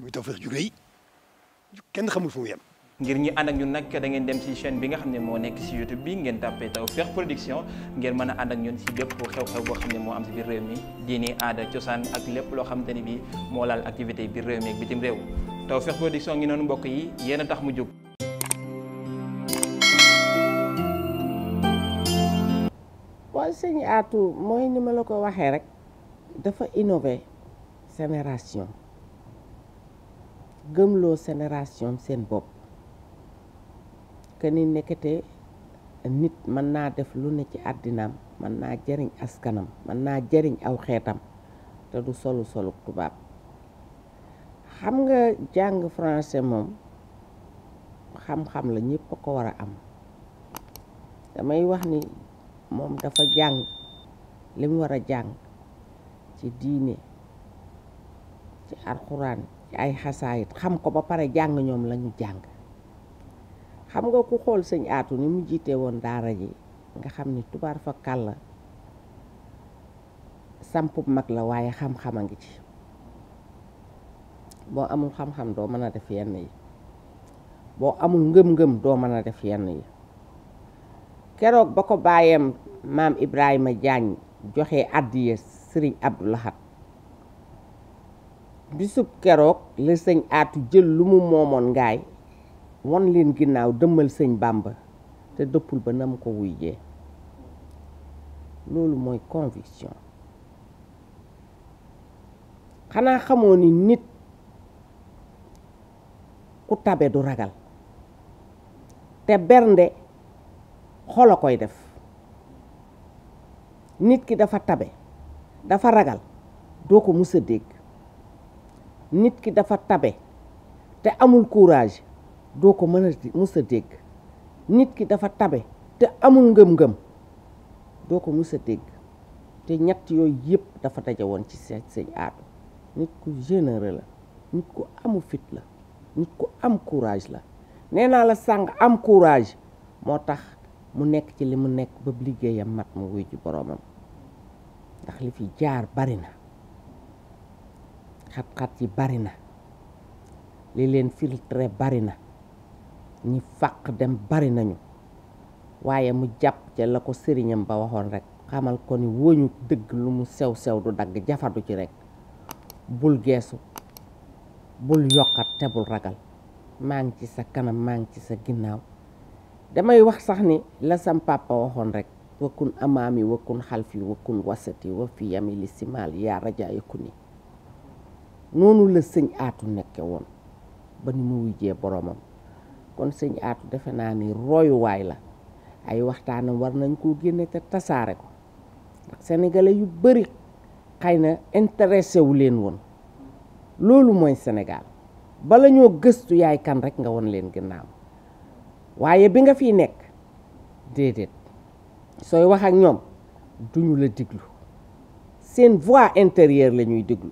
muy Tawfekh ju rëy kenn xamul fu mu ngir ñi ànd ak ñun nag da ngeen dem ci chaîne bi nga xam ne moo nekk ci YouTube bi ngeen taw Tawfekh Production ngeen mën a ànd ak ñun ci bépp xew-xew boo xam ne moo am ci biir réew mi diini aada cosaan ak lépp loo xamante ni bi moo laal activité biir réew mi ak bitim réew Tawfekh Production ngi noonu mbokk yi yéen a tax mu jóg. waaw sëñ Atou mooy la ko waxee rek dafa innové gëmloo génération seen bopp que ni nekkate nit mën naa def lu ne ci àddinaam mën naa jëriñ askanam mën naa jëriñ aw xeetam te du solu solu tubaab xam nga jàng français moom xam-xam la ñëpp a ko war a am damay wax ni moom dafa jàng li mu war a jàng ci diine ci alxuraan ci ay xasaayit xam ko ba pare jàng ñoom lañu jàng xam nga ku xool sëñ aatu ni mu jiite woon daara ji nga xam ni tubaar fa kàlla sampub mag la waaye xam-xam a ngi ci boo amul xam-xam doo mën a def yenn yi boo amul ngëm-ngëm doo mën a def yenn yi keroog ba ko baayam maam Ibrahima Diagne joxe addiya sëriñ ab laxat bisub keroog la sëñ aatu jël lu mu moomoon ngaay won leen ginnaaw dëmmal sëñ bàmba te dëppul ba na mu ko wuyjee loolu mooy conviction xanaa xamoo ni nit ku tabe du ragal te bernde xol a koy def nit ki dafa tabe dafa ragal doo ko mus a dégg nit ki dafa tabe te amul courage doo ko mën a mus a dégg nit ki dafa tabe te amul ngëm-ngëm doo ko mus a dégg te ñetti yooyu yëpp dafa daje woon ci seet sëñ aatu nit ku généreux la nit ku amul fit la nit ku am courage la nee naa la sàng am courage moo tax mu nekk ci li mu nekk ba liggéeyam mat mu wuy ji boroomam ndax li fi jaar bari na xat-xat yi bari na li leen filtre bari na ñi fàq dem bari nañu waaye mu jàpp ca la ko sëriñam ba waxoon rekk xamal ko ni wóñu dëgg lu mu sew sew du dagg jafadu ci rekk bul geesu bul yokkat te ragal maa ngi ci sa kanam maa ngi ci sa ginnaaw damay wax sax ni la sam waxoon rek wakkun amaami wakkun xalfi wakkun wasati wa fi yami li simaal yaa rajaa yëkku ni noonu la sëñ aatu nekke woon ba ni mu wujjee boromam kon sëñ aatu defe naa ni royuwaay la ay waxtaanam war nañ koo génne te tasaare ko ndax yu bëri xëy na intéressé wu leen woon loolu mooy Sénégal bala ñoo gëstu yaay kan rek nga won leen ginnaaw waaye bi nga fiy nekk déedéet sooy wax ak ñoom duñu la diglu seen voix intérieure la ñuy diglu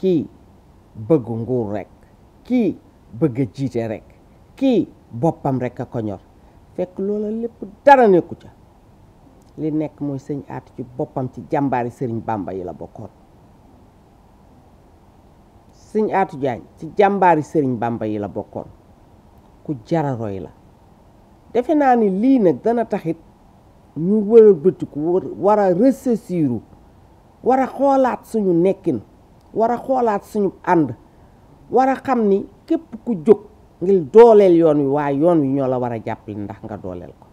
kii bëgg nguur rekk kii bëgg a jiite rekk kii boppam rekk a ko ñor fekk loola lépp dara nekku ca li nekk mooy sëñ aatu ci boppam ci jàmbaari sëriñ bàmba yi la bokkoon sëñ aatu jaañ ci jàmbaari sëriñ bàmba yi la bokkoon ku jara roy la defe naa ni lii nag dana taxit ñu wër bëtiku war a rësësiiru war a xoolaat suñu nekkin war a xoolaat suñu ànd war a xam ni képp ku jóg ngir dooleel yoon wi waaye yoon wi ñoo la war a jàppale ndax nga dooleel ko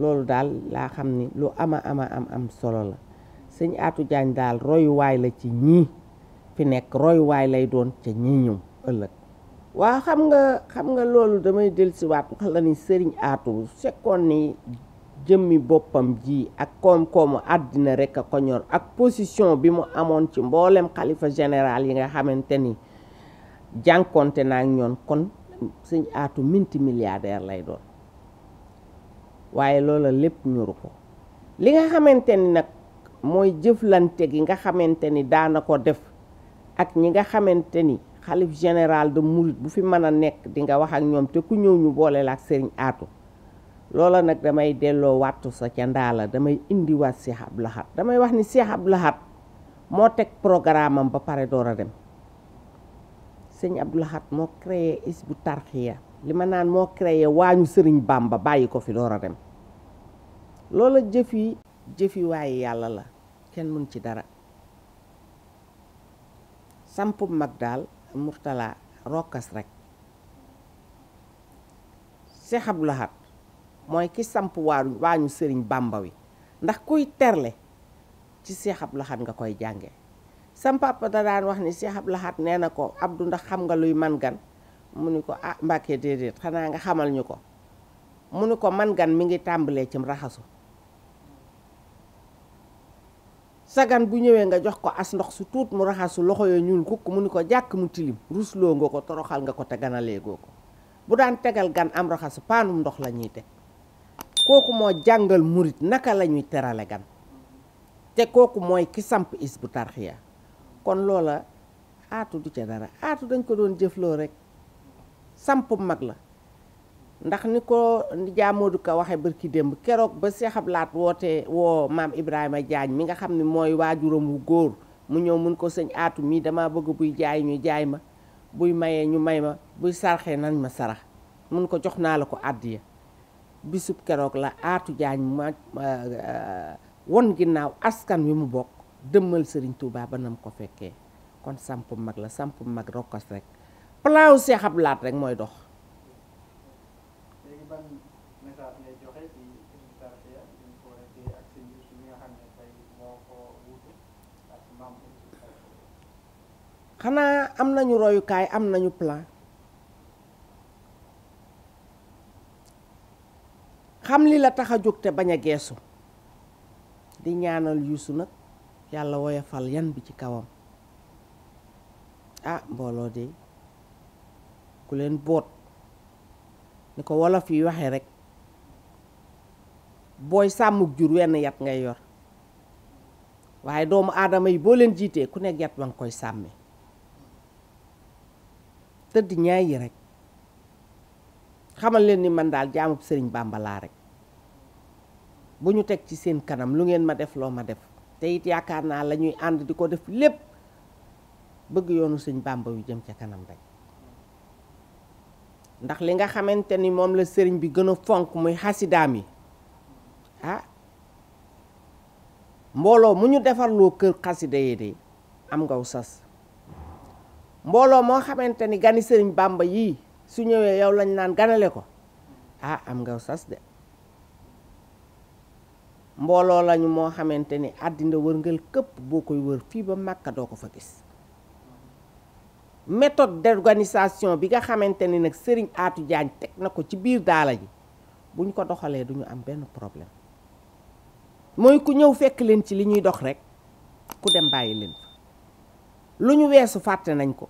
loolu daal laa xam ni lu ama ama am am solo la sëñ Atou Diagne daal royuwaay la ci ñii fi nekk royuwaay lay doon ca ñii ëllëg waaw xam nga xam nga loolu damay dellusiwaat wax la ni sëriñ Atou fekkoon ni jëmmi boppam ji ak koom-koomu àddina rekk a ko ñor ak position bi mu amoon ci mboolem xalifa général yi nga xamante ni jànkonte naa ñoon kon sëñ aatu minti milliardaire lay doon waaye loola lépp ñuru ko li nga xamante ni nag mooy jëflante gi nga xamante ni daana ko def ak ñi nga xamante ni xalif général de Mouride bu fi mën a nekk di nga wax ak ñoom te ku ñëw ñu boole la ak sëriñ aatu loola nag damay delloo wàttu sa ca ndaala damay indiwaat Cheikh ab laxat damay wax ni seex ab Lahad moo teg programme ba pare door a dem sëñ Abdou Lahad moo créé Hizbut Tarqiyyah li ma naan moo créé waañu sëriñ baam ba bàyyi ko fi door a dem loola jëf yi jëf yi waaye yàlla la kenn mun ci dara samp mag daal Mourtala rokkas rekk Cheikh Abdou Lahad mooy ki samp waaru waañu sëriñ bàmba wi ndax kuy terle ci seexab Abdou Lahad nga koy jànge sam papa da daan wax ni seexab Abdou nee na ko Abdou ndax xam nga luy man gan mu ni ko ah Mbàkke xanaa nga xamal ñu ko mu ni ko man gan mi ngi tàmbalee cim raxasu sagan bu ñëwee nga jox ko as ndox su tuut mu raxasu loxo yoo ñuul kukk mu ni ko jàkk mu tilim rusloo nga ko toroxal nga ko te ganaleegoo ko bu daan tegal gan am raxasu paanum ndox la ñuy kooku moo jàngal murit naka la ñuy terale gan te kooku mooy ki samp is bu tarxiya kon loola aatu du ca dara aatu dañ ko doon jëfloo rek samp mag la ndax ni ko du ko waxee bërki démb keroog ba Seex Abdu Lahat woo maam Ibrahima Jaañ mi nga xam ni mooy waajuram wu góor mu ñëw mun ko sëñ aatu mii dama bëgg buy jaay ñu jaay ma buy mayee ñu may ma buy sarxe nañ ma sarax mun ko jox naa la ko àddiya bisub keroog la aatu jaañ ma euh, won ginnaaw askan wi mu bokk dëmmal sëriñ Touba ba nam ko fekkee kon samp mag la samp mag rokkos rek palaawu Seex Laat rek mooy dox xanaa am nañu royukaay am nañu plan xam li la tax a jóg te bañ a geesu di ñaanal yuusu nag yàlla woyofal yan bi ci kawam ah mbooloo de ku leen boot ni ko wolof yi waxee rek booy sàmmuk jur wenn yat ngay yor waaye doomu aadama yi boo leen jiitee ku nekk yat wa nga koy sàmme tëdd ñaay yi rek xamal leen ni man daal jaamub sëriñ Bàmba rek bu ñu teg ci seen kanam lu ngeen ma def loo ma def te it yaakaar naa lañuy ànd di ko def lépp bëgg yoonu sëñ Bàmba yu jëm ca kanam rek ndax li nga xamante ni moom la sëriñ bi gën a fonk muy xasidaam yi ah mbooloo mu ñu defarloo kër xasida de am ngaw sas mbooloo moo xamante ni gani sëriñ Bàmba yii su ñëwee yow lañ naan ganale ko ah am ngaw sas de mbooloo lañu moo xamante ni àddina wërngël këpp boo koy wër fii ba Màkka doo ko fa gis méthode d'organisation bi nga xamante ni nag sëriñ aatu Diagne teg na ko ci biir daala ji buñ ko doxalee duñu am benn problème mooy ku ñëw fekk leen ci li ñuy dox rek ku dem bàyyi leen lu ñu weesu fàtte nañ ko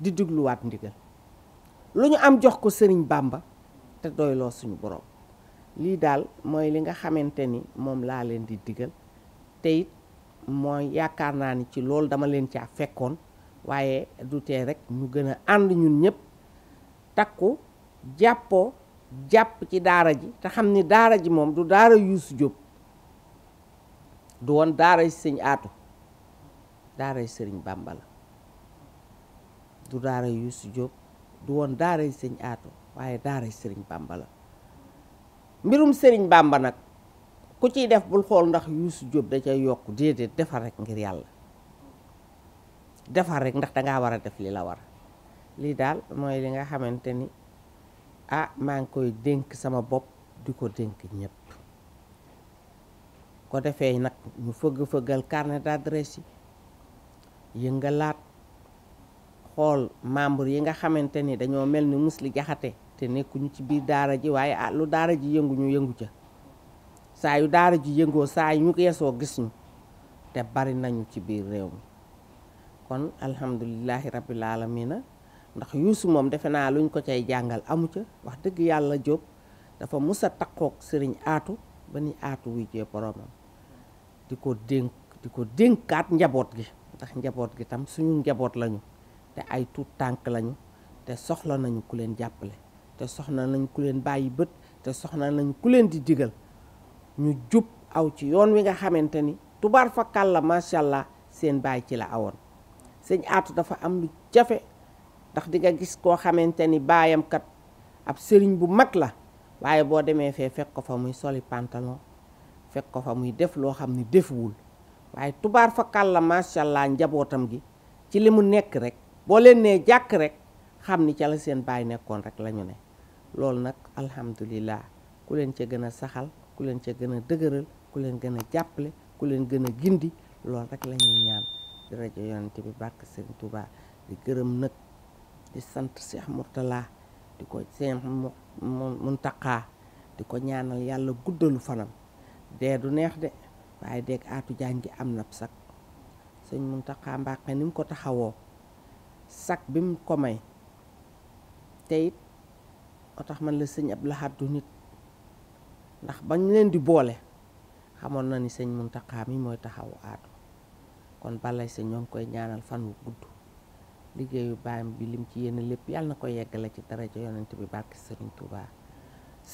di dégluwaat ndigal lu ñu am jox ko sëriñ bàmba te doyloo suñu borom. lii daal mooy li nga xamante ni moom laa leen di diggal te it mooy yaakaar naa ni ci loolu dama leen caa fekkoon waaye du tee rek ñu gën a ànd ñun ñëpp takku jàppoo jàpp ci daara ji te xam ni daara ji moom du daara yuusu jóob du woon daara sëñ aatu daara sëriñ bàmba du daara yuusu jóob du woon daara yi sëñ aatu waaye daara yi sëriñ bàmba mbirum Serigne bàmba nag ku ciy def bul xool ndax Youssou Diop da ca yokk déedéet defar rek ngir yàlla defar rek ndax dangaa war a def li la war lii daal mooy li nga xamante ni ah maa ngi koy dénk sama bopp di ko dénk ñépp ko defee nag ñu fëgg-fëggal carnet d'adresse yi yëngalaat xool membre yi nga xamante ni dañoo mel ni musli jaxate te nekkuñu ci biir daara ji waaye ah lu daara ji yëngu ñu yëngu ca saa yu daara ji yëngoo saa yu ñu yeesoo gis ñu te bari nañu ci biir réew mi kon alhamdulilahi rabbil alamina ndax yuusu moom defe naa luñ ko cay jàngal amu ca wax dëgg yàlla jóob dafa musa a takkook sëriñ aatu ba ni aatu wuy jee di ko dénk di ko dénkaat njaboot gi ndax njaboot gi tam suñu njaboot lañu te ay tuut tànk lañu te soxla nañu ku leen jàppale te soxna nañ ku leen bàyyi bët te soxna nañ ku leen di digal ñu jub aw ci yoon wi nga xamante ni tubaar fa kàlla macha allah seen bàyyi ci la awoon sëñ aatu dafa am lu ndax di nga gis koo xamante ni baayam ab sëriñ bu mag la waaye boo demee fee fekk ko fa muy soli pantalon fekk ko fa muy def loo xam ni defuwul waaye tubaar fa kàlla allah njabootam gi ci li mu nekk rek boo leen nee jàkk rek xam ni ca la seen baay nekkoon rek la ñu ne loolu nag alhamdulilah ku leen ca gën a saxal ku leen ca gën a dëgëral ku leen gën a jàppale ku leen gën a gindi lool rek la ñuy ñaan di rajo yonent bi barke Serigne Touba di gërëm nag di sant Cheikh Mourtala di ko seen Muntaqa di ko ñaanal yàlla guddalu fanam dee du neex de waaye dégg aatu jaan gi am na sax sëñ Muntaqa Mbàkke ni mu ko taxawoo sax bi mu ko may te moo tax man la sëñ Abdou Lahad du nit ndax bañ leen di boole xamoon na ni sëñ Muntaxa mi mooy taxawu aatu kon balay sa ñoo koy ñaanal fan wu gudd liggéeyu baam bi lim ci yéen lépp yàlla na ko yeggale ci daraja yonent bi barke Sëriñ Tuuba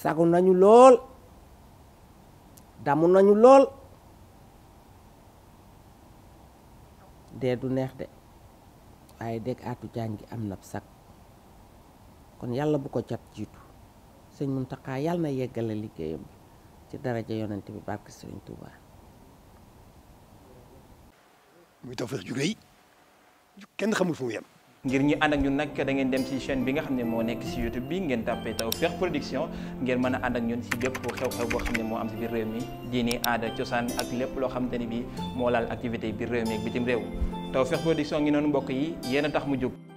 sagu nañu lool damu nañu lool dee du neex de waaye dégg aatu jaan gi am na sag kon yàlla bu ko cat jiitu sëñ Muntaxa yàlla na yeggale liggéeyam ci daraja yonent bi barke sëriñ Touba. muy Tawfekh ju kenn xamul fu mu yem. ngir ñu ànd ak ñun nag da ngeen dem ci chaine bi nga xam ne moo nekk ci YouTube bi ngeen tàppee Tawfekh Production ngeen mën a ànd ak ñun ci bépp xew-xew boo xam ne moo am ci biir réew mi diini aada cosaan ak lépp loo xamante bi moo laal activité biir réew mi ak bitim réew Tawfekh Production ngi noonu mbokk a mu jóg.